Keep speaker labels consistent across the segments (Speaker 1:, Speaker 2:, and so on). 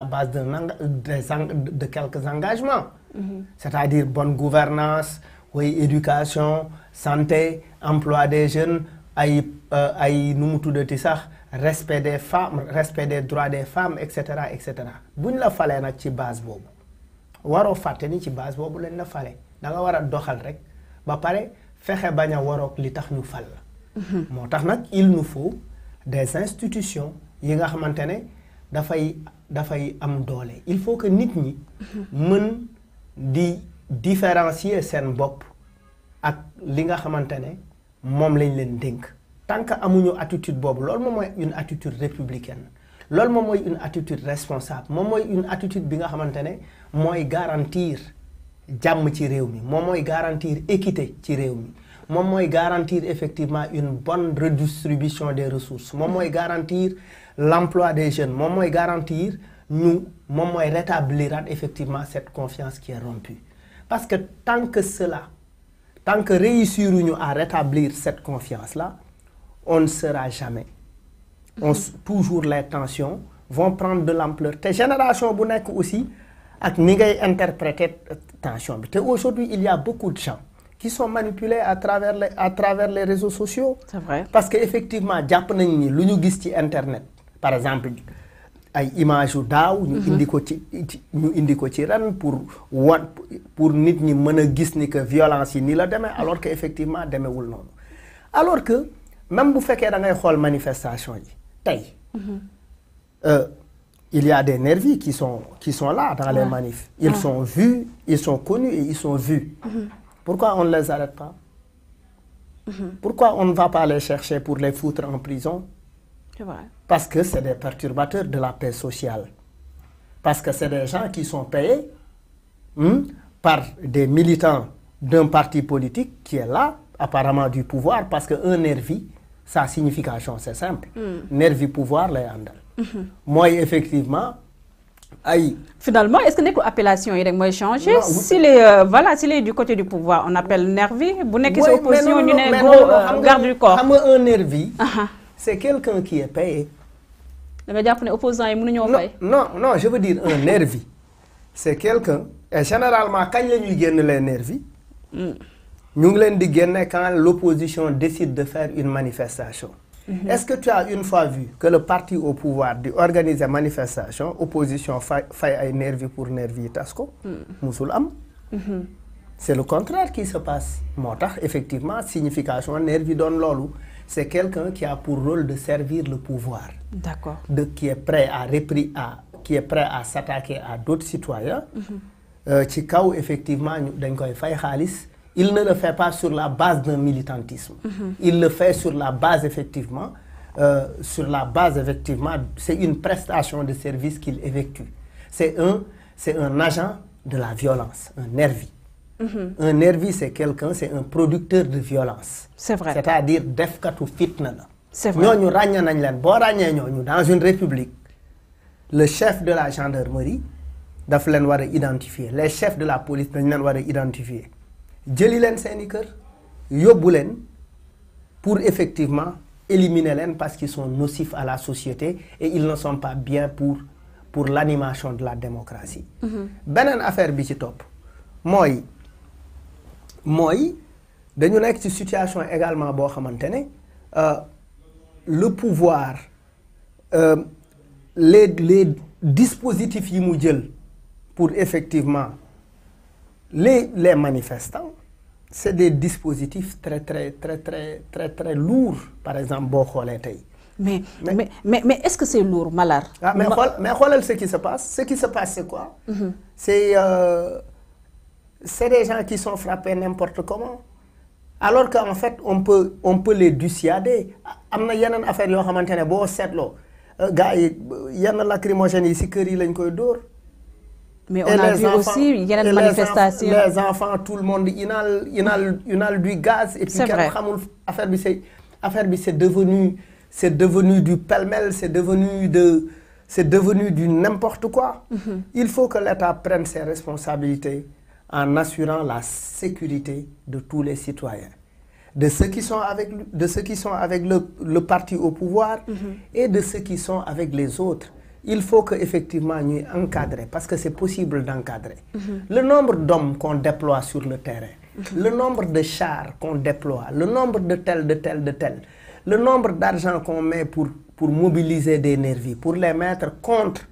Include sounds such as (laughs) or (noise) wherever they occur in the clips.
Speaker 1: à base de, de, de quelques engagements, c'est-à-dire bonne gouvernance, oui, éducation, santé, emploi des jeunes, ay, euh, respect des femmes, respect des droits des femmes, etc. etc. buñ la falee nag ci base boobu Waro fàtte ni ci base boobu lañ la fale da nga war a doxal rek ba pare fexe bañ a waroog li tax ñu fal mhm. il nous faut des institutions yi nga xamante dafay dafay am doole il faut que nit ñi mën di différencier seen bopp ak li nga xamantene mom lañ leen dénk tant que amuñu attitude boobu loolu moom mooy une attitude républicaine loolu moom mooy une attitude responsable moom mooy une attitude bi nga xamante ne garantir jàmm ci réew mi moom garantir équité ci réew mi moom garantir effectivement une bonne redistribution des ressources moom mooy garantir l'emploi des jeunes moom garantir nous moom est effectivement cette confiance qui est rompue parce que tant que cela tant que nous à rétablir cette confiance là on ne sera jamais on toujours les tensions vont prendre de l'ampleur Tes générations, vous nekk aussi ak ni interpréter tension aujourd'hui il y a beaucoup de gens qui sont manipulés à travers les à travers les réseaux sociaux. C'est vrai. parce qu'effectivement, effectivement avons nañ ni internet par exemple ay image a daaw. ñu mhm. indi ci ñu pour pour nit ñi ni que violence yi la demee alors que effectivement alors que même si vous da ngay xol manifestation mhm. euh, il y a des nervis qui sont qui sont là dans les manifs. ils sont vus ils sont connus et ils sont vus. Mhm. pourquoi on ne les arrête pas. pourquoi on ne va pas les chercher pour les foutre en prison. c'est vrai. Parce que c'est des perturbateurs de la paix sociale. Parce que c'est des gens qui sont payés hmm, par des militants d'un parti politique qui est là, apparemment du pouvoir, parce qu'un nervi, sa signification, c'est simple. Hmm. Nervi pouvoir, les moi Moi, effectivement
Speaker 2: finalement est-ce que notre appellation yi rek Si
Speaker 1: euh, voilà s'il est du côté du
Speaker 2: pouvoir on appelle nervi. Vous n'êtes opposition euh, garde du
Speaker 1: corps. un nervi. (laughs) Uh-huh.
Speaker 2: c'est quelqu'un qui est payé opposant
Speaker 1: non non je veux dire un nervi c'est quelqu'un et généralement quand ils gagnent les nervis hmm. ñu ngi quand l'opposition décide de faire une manifestation. Mhm. Est-ce que tu as une fois vu que le parti au pouvoir organise une manifestation l'opposition fait un nervi pour nervi TASCO tas c'est le contraire qui se passe moo effectivement signification Nervi donne l'olou, c'est quelqu'un qui a pour rôle de servir le pouvoir d'accord de qui est prêt à à qui est prêt à s'attaquer à d'autres citoyens mm-hmm. euh, ci kaw effectivement il ne le fait pas sur la base d'un militantisme mm-hmm. il le fait sur la base effectivement euh, sur la base effectivement c'est une prestation de service qu'il effectue c'est un c'est un agent de la violence un nervi Mm-hmm. Un nervi, c'est quelqu'un, c'est un producteur de violence. C'est vrai. C'est-à-dire, defkatu fitna. C'est vrai. Nous, nous dans une république, le chef de la gendarmerie les chefs de la police dañ pour effectivement éliminer parce qu'ils sont nocifs à la société et ils ne sont pas bien pour pour l'animation de la démocratie mm-hmm. Benen affaire bi moi, dañu nekk une situation également à xamantene euh, le pouvoir euh, les dispositifs yi pour effectivement les les manifestants c'est des dispositifs très très très très très très lourds par exemple bo xolé mais
Speaker 2: mais mais mais est-ce que c'est lourd Malar.
Speaker 1: Ah, mais mais ce qui se passe ce qui se passe c'est quoi. Mm-hmm. c'est euh, c'est des gens qui sont frappés n'importe comment alors qu'en fait on peut on peut les dissuader a na affaire qui est très boo Il euh, gars yi yenn lacrymogène ici, qui est yi lañ mais on a vu aussi il y a des manifestations. les enfants tout le monde ils ont du gaz. et puis l'affaire, affaire c'est affaire devenu devenu du pêle-mêle c'est devenu de c'est devenu du n'importe quoi. Mm-hmm. il faut que l'État prenne ses responsabilités en assurant la sécurité de tous les citoyens, de ceux qui sont avec, de ceux qui sont avec le, parti au pouvoir mhm. et de ceux qui sont avec les autres. Il faut qu'effectivement nous encadrer, parce que c'est possible d'encadrer. Mhm. Le nombre d'hommes qu'on déploie sur le terrain, mhm. le nombre de chars qu'on déploie, le nombre de tels, de tels, de tels, le nombre d'argent qu'on met pour, pour mobiliser des nervis, pour les mettre contre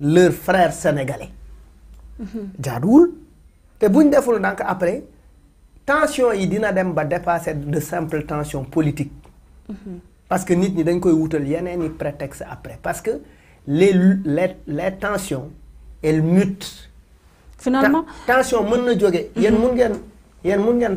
Speaker 1: leurs frères sénégalais. Djadoul, et si ñu après tension yi dina dem ba dépasser de simples tensions politiques. Mhm. parce que nit ni dañ koy wutal yeneen prétexte après parce que les les tensions elles mutent. finalement tension mën na jóge. yéen mhm. mun ngeen yéen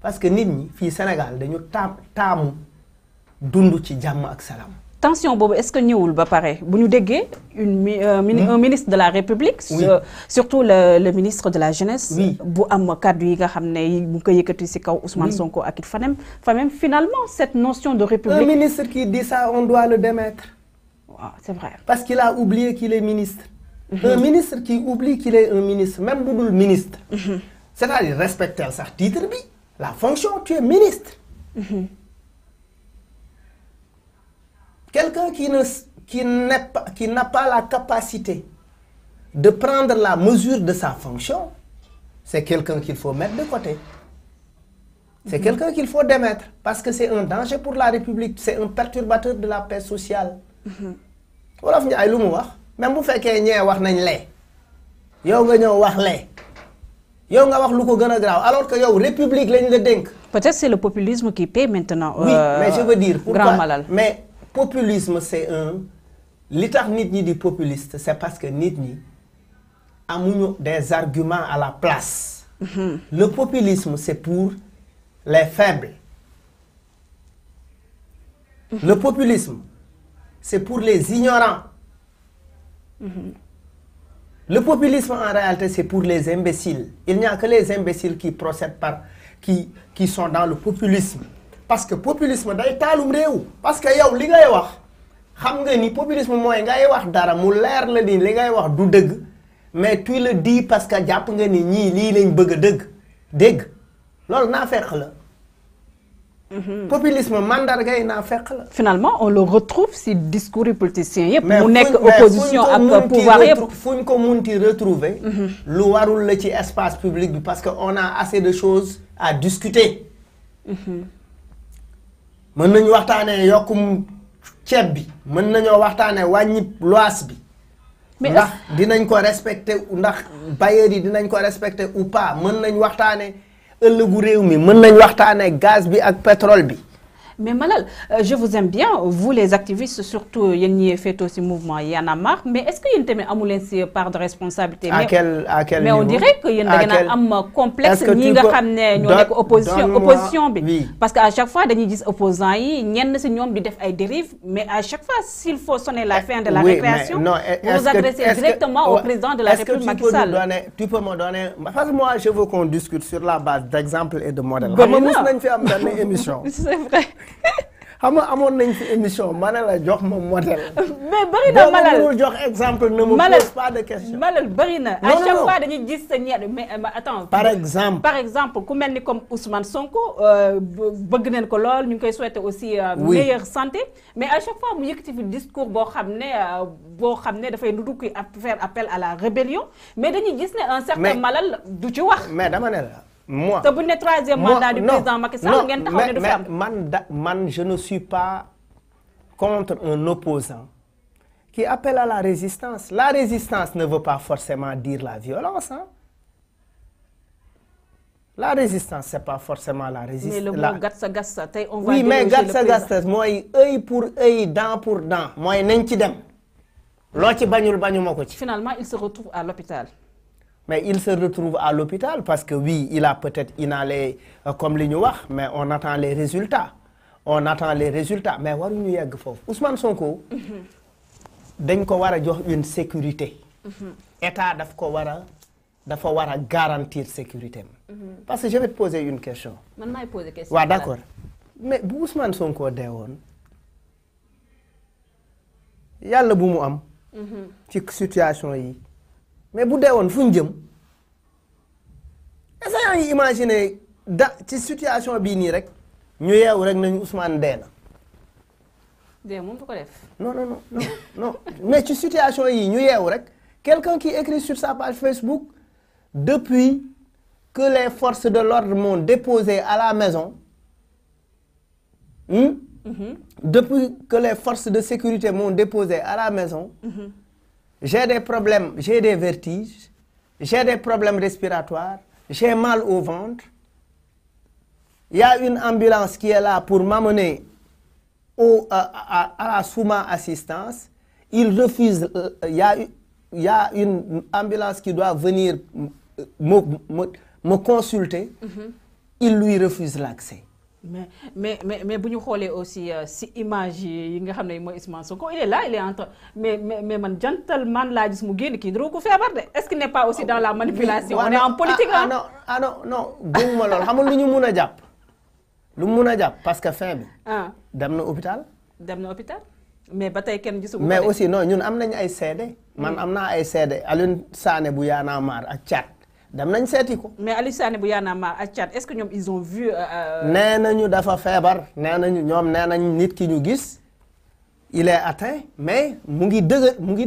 Speaker 1: parce que nous, ici au Sénégal dañu tam, taamu dund ci salam. ak
Speaker 2: tension boobu est-ce que nous ba pareil? bu ñu une euh, hmm? un ministre de la République. Euh, surtout le, le ministre de la jeunesse. Oui. bu am cadre yi nga xam ne ko yëkkati ci kaw Ousmane Sonko ak it fanem finalement cette notion de république. un ministre
Speaker 1: qui dit ça on doit le démettre. c'est vrai. parce qu'il a oublié qu'il est ministre. Mhm. un ministre qui oublie qu'il est un ministre même bu dul ministre. Mm -hmm. c'est-à-dire respecter sa titre bi la fonction, tu es ministre. Mhm. Quelqu'un qui n'a qui pas, qui pas la capacité de prendre la mesure de sa fonction, c'est quelqu'un qu'il faut mettre de côté. C'est mhm. quelqu'un qu'il faut démettre parce que c'est un danger pour la République, c'est un perturbateur de la paix sociale. Mhm. même yow nga wax lu ko gën alors que yow république lañ la peut-être c'est le populisme qui paie maintenant. oui euh, mais je veux dire mais populisme c'est un L'État tax nit ñi populiste c'est parce que nit ñi des arguments à la place. Mhm. le populisme c'est pour les faibles. Mhm. le populisme c'est pour les ignorants. Mhm. Le populisme, en réalité, c'est pour les imbéciles. Il n'y a que les imbéciles qui procèdent par, qui, qui sont dans le populisme. Parce que populisme, day comme ça. Parce que yow li ngay wax que populisme que tu mais tu le dis parce que a Mhm. populisme mandargay naa fekk la.
Speaker 2: finalement on le retrouve si discours yi politiciens yëpp. mu nekk opposition ak pouvoir yëpp
Speaker 1: fu ñu ko munti retrouver mhm. lu warul la ci espace public parce que on a assez de choses à discuter. Mhm. mën nañu waxtaanee yokkum ceeb bi mën nañoo waxtaanee wàññi lois bi. ndax dinañ ko respecter ndax bailleurs yi dinañ ko respecter ou pas mën nañ waxtaanee. ëllëgu réew mi mën nañ waxtaanee gaz bi ak pétrole bi mais
Speaker 2: Malal euh, je vous aime bien vous les activistes surtout euh, yéen fait aussi le mouvement en a marre mais est-ce qu'il y a une par si part de responsabilité.
Speaker 1: mais on dirait qu'il y a un am
Speaker 2: euh, complexe. ñi nga opposition opposition parce qu'à chaque fois dañuy dit opposants yi ñenn di dérives mais à chaque fois s'il faut sonner la eh, fin de la récréation. vous vous adressez directement au président de la République Macky
Speaker 1: tu peux me donner parce que moi je veux qu'on discute sur la base d'exemples et de modèles. une émission. (laughs) c'est vrai. (laughs) xam nga amoon nañ fi émission ma ne la jox ma modèle.
Speaker 2: mais bëri na malal boo jox
Speaker 1: exemple ne me pose pas
Speaker 2: de question. malal bëri na à chaque fois dañuy gis sa ñebe euh, mais attends. par exemple par exemple ku mel ni comme Ousmane Sonko euh, bëgg nañ ko lool ñu ngi koy souhaiter aussi. Euh, meilleure santé. mais à chaque fois mu yëkkati fi discours boo xam ne boo xam ne dafay nudu kuy faire appel à la rébellion mais dañuy gis ne un certain malal du ci wax. mais dama ne la moi pour le troisième mandat du président Macky Sall
Speaker 1: man je ne suis pas contre un opposant qui appelle à la résistance la résistance ne veut pas forcément dire la violence hein la résistance ce n'est pas forcément la résistance mais le mot gatsa
Speaker 2: gatsa on va oui mais gatsa gatsa
Speaker 1: moi, œil pour œil dent pour dent moi je ci dem loo finalement il se retrouve à l'hôpital mais il se retrouve à l'hôpital parce que oui, il a peut-être inhalé euh, comme comme l'ignoir, mais on attend les résultats. On attend les résultats. Mais waruñu yegg foofu Ousmane Sonko. il mhm. ko lui une sécurité. L'État mhm. doit ko la sécurité mhm. parce que je vais te poser une question.
Speaker 2: vais te poser une question. Oui, d'accord
Speaker 1: mais Ousmane Sonko y a yàlla bu mu am. ci situation yi mais bu vous fuñ fu est jëm essayons imaginer situation nous sommes rek ñu yew rek nañu Ousmane ko non non non non mais cette situation yi ñu yew rek quelqu'un qui écrit sur sa page Facebook depuis que les forces de l'ordre m'ont déposé à la maison. Hmm? Mm-hmm. Depuis que les forces de sécurité m'ont déposé à la maison. Mm-hmm j'ai des problèmes, j'ai des vertiges, j'ai des problèmes respiratoires, j'ai mal au ventre. Il y a une ambulance qui est là pour m'amener sous à, à, la Assistance. Il refuse, euh, il, y a, une ambulance qui doit venir euh, me, consulter. Mm-hmm. Il lui refuse l'accès
Speaker 2: mais mais mais mais bu ñu aussi euh, si image yi nga xamné ne mooy Ousmane Sonko il est là il est entre mais mais mais man gentleman laa gis mu guen ki dro ko febar de est-ce qu'il n'est pas aussi dans la manipulation. on est en politique ah, hein? ah non ah non non
Speaker 1: gëmuma loolu xam nga lu ñu mun lu mëna japp parce que fin bi. Ah. dem na hôpital.
Speaker 2: dem na hôpital mais batay ken kenn gisu mais aussi
Speaker 1: non ñun am nañu ay cédé man mm. am naa ay cédé Alioune Sané bu yaanaa mar ak chat
Speaker 2: mais Aliou Sané bu Y'en a marre ak est-ce que nous ils ont vu. Euh, euh, nee
Speaker 1: nañu dafa feebar nee nañu ñoom nee nañ nit ki ñu gis il est atteint mais mu ngi mungi mu ngi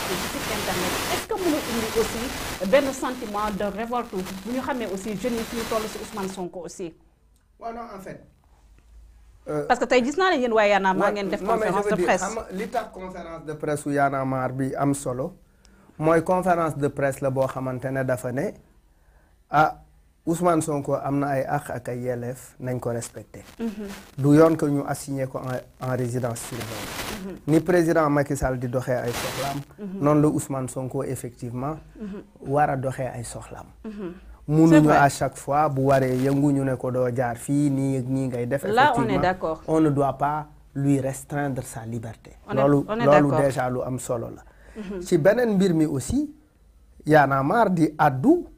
Speaker 2: partie du site internet est-ce que vous a aussi benn sentiment de révolte bu ñu ramenez aussi jeunes yi fi ñu Ousmane Sonko aussi.
Speaker 1: Oui, non en fait. Euh,
Speaker 2: parce que tu gis dit ne yéen waa Y'en a def conférence de presse L'état conférence
Speaker 1: de presse yu Y'en a bi am solo Moi, conférence de presse le boo xamante ne dafa ne ah. Ousmane Sonko am ay ak ay ko respecté. Mhm. du yone que ñu assigné ko en résidence mhm. ni président Macky Sall di ay mhm. Ousmane Sonko effectivement. a ay il à chaque fois bu waré yëngu ñu ko jaar ngay là on est d'accord. on ne doit pas lui restreindre sa liberté. On lolu déjà lu am solo la. ci benen mbir mi aussi Y en a